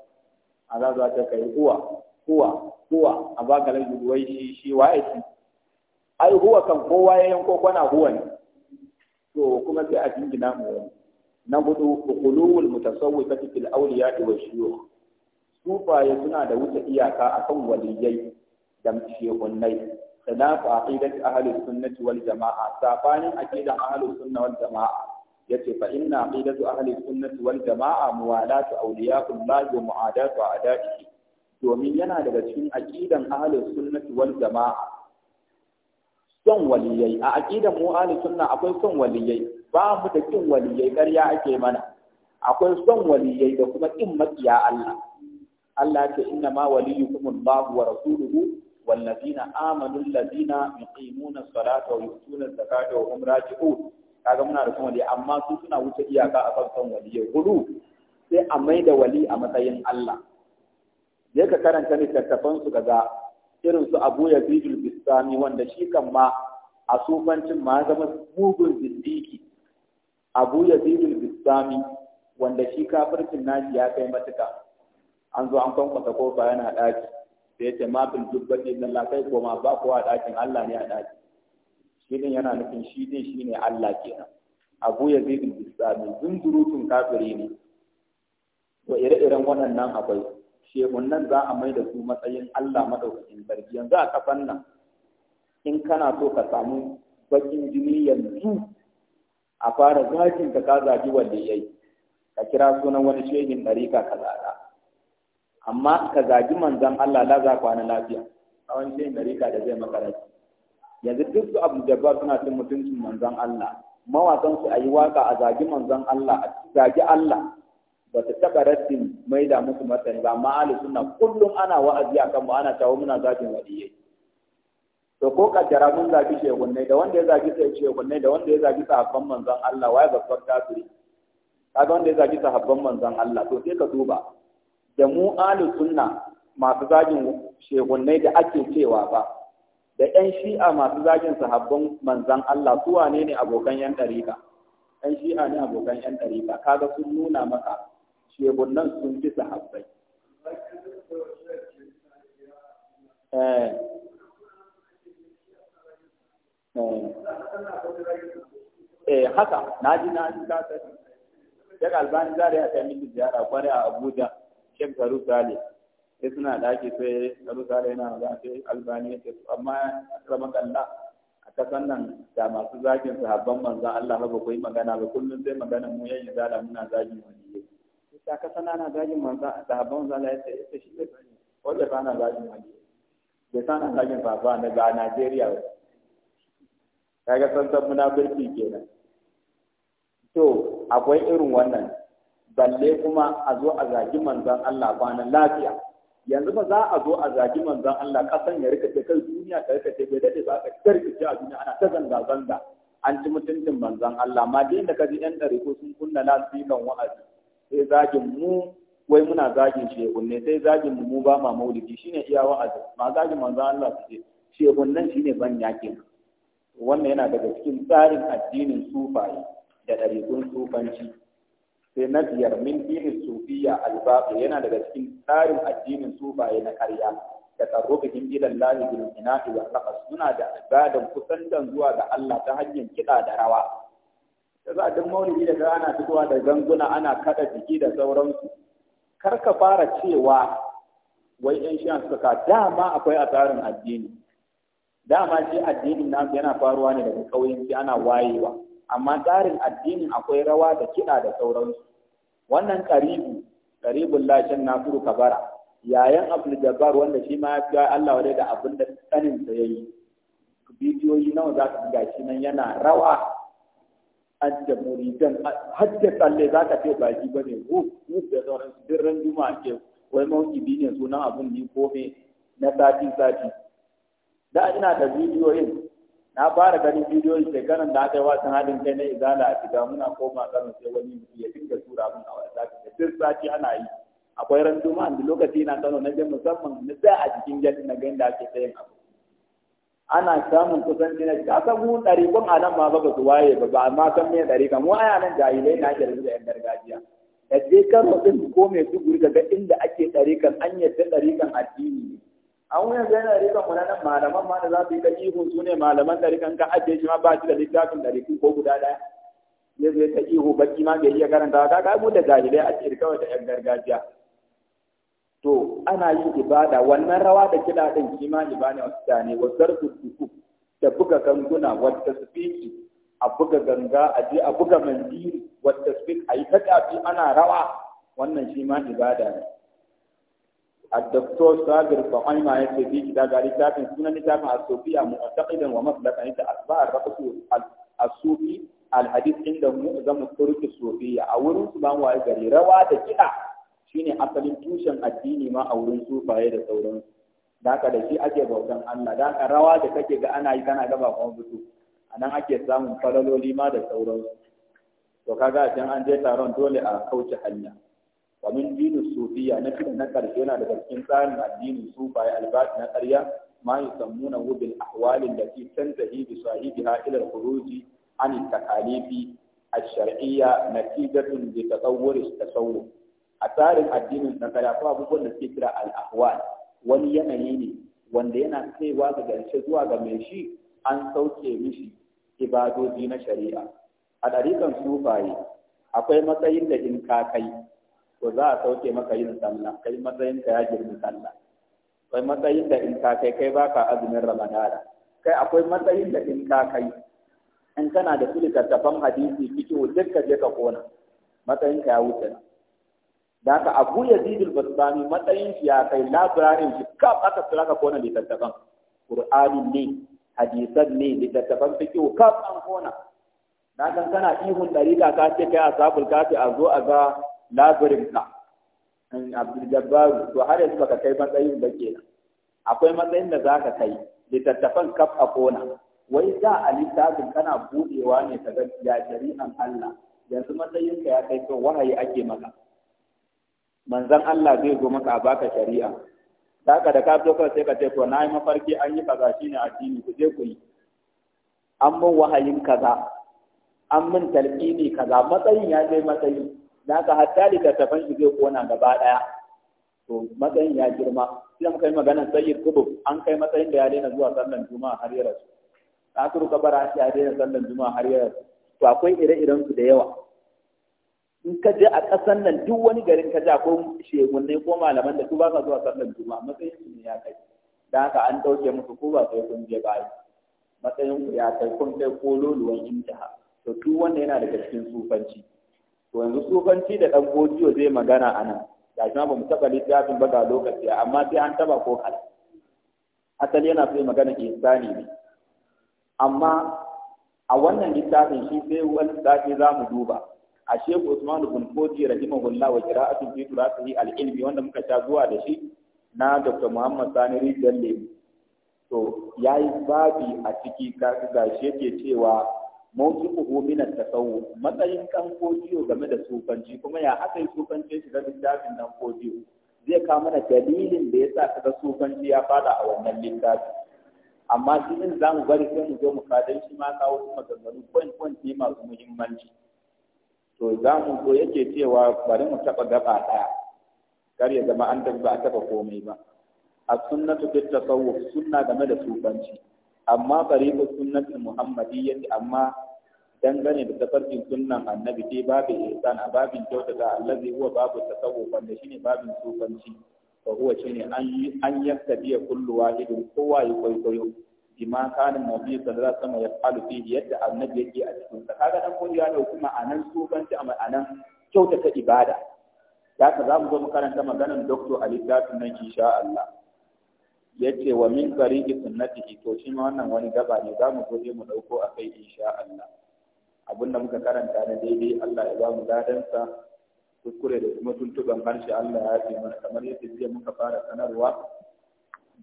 Speaker 1: ala za ta kai huwa huwa huwa a baka laji ruwai shi shi waye shi ai huwa kan kowa ya yanko kwana huwa ne to kuma sai a jingina mu na hudu ukulul mutasawwifati fil awliya wa shuyukh sufaye suna da wuce iyaka akan waliyai da shehunnai khilafa aqidat ahlus sunnati wal jamaa sabanin aqidat ahlus sunnati wal jamaa yace fa inna aqidatu ahli sunnati wal jama'a muwalatu awliya'illah wa mu'adatu a'da'ihi domin yana daga cikin aqidan ahli sunnati wal jama'a son waliyai a aqidan mu ahli sunna akwai son waliyai ba mu da kin waliyai ƙarya ake mana akwai son waliyai da kuma kin makiya Allah Allah ce inna ma waliyukum Allah wa rasuluhu wal ladina amanu alladina yuqimuna as-salata wa yu'tuna az-zakata wa hum raji'un kaga muna da kuma amma su suna wuce iyaka a kan son waliyai hudu sai a mai da wali a matsayin Allah je ka karanta littattafan su kaga irin su Abu Yazid al-Bistami wanda shi kan ma a sufancin ma zama mugun zindiki Abu Yazid al-Bistami wanda shi kafircin nashi ya kai matuka an zo an kwankwasa kofa yana daki sai ya ce ma bil dubbati illa kai koma ba kowa dakin Allah ne a daki shi yana nufin shi din shi ne Allah kenan abu ya zai bin islami zunzurutun kafiri ne to ire-iren waɗannan akwai shehun nan za a mai da su matsayin Allah madaukakin sarki yanzu a kafan nan in kana so ka samu bakin jini yanzu a fara zagin ka ka zagi wanda yayi ka kira sunan wani shehin ɗarika ka zaga amma ka zagi manzan, Allah la za kwana lafiya a wani shehin ɗarika da zai makaranta. yanzu duk su abu jabbar suna cin mutuncin manzon Allah mawakan su ayi waka a zagi manzon Allah a zagi Allah ba ta taba raddin mai da musu martani ba amma Ali suna kullum ana wa'azi a kanmu, ana tawo muna zagin waliyai to ko kaddara mun zagi shegunnai da wanda ya zagi sai shegunnai da wanda ya zagi sahabban manzon Allah waye babban kafiri kaga wanda ya zagi sahabban manzon Allah to sai ka duba da mu Ali sunna masu zagin shegunnai da ake cewa ba da ‘yan shi'a masu zagin sahabban manzan Allah su wane ne abokan ‘yan ɗariƙa, ‘yan shi'a ne abokan ‘yan ɗariƙa, kaga sun nuna maka nan sun fi sahabbai. Eh. Eh. eh, haka, na ji na ji kasar. Shek Albani a ta miki ziyara kwarai a Abuja, Shek Faruk Saleh. sai suna daki sai abu sale yana da sai albani ya ce amma akramak Allah a kasan nan da masu zagin sahabban manzan Allah ba ku yi magana ba kullum sai magana mu yayin zala muna zagin wani ne sai ka sana na zagin manzon sahabban manzon Allah ya ce shi ne wanda ba na zagin wani bai sana zagin baba na ga Najeriya ba kaga san san birki kenan to akwai irin wannan balle kuma a zo a zagi manzan Allah na lafiya yanzu ba za a zo a zagi manzon Allah kasan ya rika ce kai duniya ta rika ce bai dade ba ka shi a duniya ana ta zanga zanga an ci mutuncin manzon Allah ma dai da kaji yan dare ko sun kunna lasikan wa'azi sai zagin mu wai muna zagin ne. sai zagin mu mu ba ma maulidi shine iya wa'azi ma zagin manzon Allah su ce nan shine ban yakin wannan yana daga cikin tsarin addinin sufaye da ɗariƙun sufanci sai na biyar min dinin sufiya albaqi yana daga cikin tsarin addinin sufaye na karya, da tsaro bikin ilan lahi bil ina'i wa raqas suna da ibadan kusantan zuwa ga Allah ta hanyar kiɗa da rawa da za duk maulidi da ana fitowa da ganguna ana kada jiki da sauransu kar ka fara cewa wai yan shi'a suka dama akwai a tsarin addini dama shi addinin nasu yana faruwa ne daga shi ana wayewa amma tsarin addinin akwai rawa da kiɗa da sauransu wannan karibu karibun lashin nasiru kabara yayan abdul jabbar wanda shi ma ya Allah wadai da abin da tsanin sa yayi bidiyoyi nawa za ka ga shi nan yana rawa hadda muridan tsalle za ka ce baki bane hu hu da sauran dirran juma ke wai mawkibi ne sunan abun ni ko na sati sati da ina da bidiyoyin na fara ganin bidiyoyi shekaran da aka yi wasan halin kai na izala a shiga muna koma kanu sai wani mutum ya dinga tura mun a wani sati. da duk sati ana yi akwai ran juma'a da lokaci na kano na je musamman na tsaya a cikin jalli na ganin da ake sayin abu ana samun kusan jina da san mu ɗarikun a nan ma ba ba su waye ba ba amma san me kan mu aya nan jahilai na ke da yan gargajiya da je karo din ko mai duguri daga inda ake ɗarikan an yadda ɗarikan addini an wuyan zai na rikan munanan malaman ma da za su yi ta ihu su ne malaman ɗarikan ka ajiye shi ma ba shi da littafin ɗariku ko guda ɗaya ya zai ta ihu baki ma bai iya karanta ka ga mu da jahilai a cikin kawai da 'yan gargajiya to ana yin ibada wannan rawa da kiɗa ɗin shi ma ibada wasu mutane wa da buga ganguna wata spiki a buga ganga a je a buga mandiri wata spik a yi ta ana rawa wannan shi ma ibada ne الدكتور صابر ساجر فقيمة يكفي في كتاب علي تاكن سنة تاكن الصوفية معتقدا ومصدقا انت أتباع الرقص الصوفي الحديث عند معظم الطرق الصوفية أول سبحان وعزري روا تكيئة شيني اصل توشن الدين ما او صوفا يدى سورون ذاك da shi ake bautan Allah da ka rawa da kake ga ana yi kana ga ba kuma fito anan ake samun falaloli ma da sauransu to kaga can an je taron dole a kauce hanya wa min dini sufiya na fita na karshe yana daga cikin tsarin addinin sufaye albati na ƙarya ma yusammuna hu bil ahwalin da fi tantahi a sahibiha ila al-khuruji an takalifi الشرعية نتيجة لتطور التصور tsarin addinin na kada ko abubuwan da suke kira al-ahwal wani yanayi ne wanda yana kaiwa ga garshe zuwa ga mai shi an sauke mishi ibadoji na shari'a a ɗarikan sufaye akwai matsayin da in ka kai to za a sauke maka yin sallah kai matsayin ka ya girma sallah kai matsayin da in ka kai kai baka azumin ramadana kai akwai matsayin da in ka kai in kana da su tattafan hadisi fito duk je ka kona matsayin ka ya wuce da ka abu ya zidul basbani matsayin shi ya kai labirarin shi kaf aka tura ka kona littattafan qur'ani ne hadisan ne littattafan fiqh kaf an kona na kan kana ihun dariƙa ka ce kai ashabul kafi a zo a ga labirin ka in abdul to har yanzu baka kai matsayin ba nan. akwai matsayin da zaka kai littattafan kaf a kona wai za a littafin kana budewa ne ka ga ya shari'an Allah yanzu matsayin ka ya kai to wahayi ake maka manzon Allah zai zo maka a baka shari'a zaka da ka ka sai ka ce to na yi mafarki an yi kaza shine addini ku je ku yi an mun wahayin kaza an mun talqini kaza matsayin ya kai matsayin. da haka hatta littattafan shi zai kona gaba ɗaya to matsayin ya girma sai muka yi maganar sayyid kutub an kai matsayin da ya daina zuwa sallan juma'a har ya rasu asiru kabara shi ya daina sallan juma'a har ya rasu to akwai ire-iren su da yawa in ka je a ƙasan nan duk wani garin ka je ko shegunne ko malaman da su ba ka zuwa sallan juma'a matsayin su ne ya kai da haka an ɗauke musu ko ba sai kun je bayi matsayin ya kai kun kai ko loluwan intaha to duk wanda yana daga cikin sufanci to yanzu tsofanci da ɗan godiyo zai magana a nan ga shi ba mu taɓa littafin ba ga lokaci amma sai an taɓa ko kala asali yana sai magana insani ne amma a wannan littafin shi sai wani littafi za mu duba a shehu usman bin fodi rahimahullah wa qira'atun fi turasihi al-ilmi wanda muka sha zuwa da shi na dr muhammad sani rijal to yayi babi a ciki ka ga shi yake cewa ku min minan tasawuf matsayin kan kodiyo game da sufanci kuma ya aka yi shi shiga littafin nan kodiyo zai kama da dalilin da ya yasa ga sufanci ya fada a wannan littafin amma shi za mu bari sai mu zo mu kadan shi ma kawo kuma maganganu point point ne masu muhimmanci to za mu zo yake cewa bari mu taba gaba daya kar ya zama an ba a taba komai ba A sunnatu bit-tasawuf sunna game da sufanci amma tariqu sunnati ya amma dangane da tafarkin sunnan annabi dai babu ihsan a babin kyautata allazi huwa babu tasawuf wanda shine babin sufanci fa huwa shine an an yaktabiya kullu wahidin kowa ya kwaikwayo bima kana nabi sallallahu alaihi wasallam yaf'alu fihi yadda annabi yake a cikin sa kaga dan godiya ne kuma anan sufanci a anan kyautata ibada haka za mu zo mu karanta maganar doktor a littafin nan insha Allah ya ce wa min na sunnatihi to shi ma wannan wani gaba ne za mu goje mu ɗauko a kai insha Allah abin da muka karanta na daidai Allah ya ba mu gadansa kuskure da kuma tuntuban harshe Allah ya ce mana kamar yadda jiya muka fara sanarwa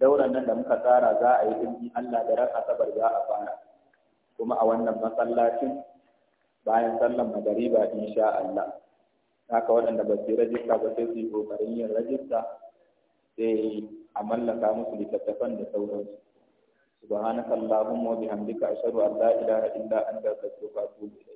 Speaker 1: dauran nan da muka tsara za a yi dinki Allah da ran asabar za a fara kuma a wannan masallacin bayan sallan magariba insha Allah haka waɗanda ba su yi rajista ba sai su yi ƙoƙarin yin rajista sai a mallaka musu littattafan da sauransu allahumma wa bihamdika ashhadu an la ilaha illa anta astaghfiruka wa atubu ilayk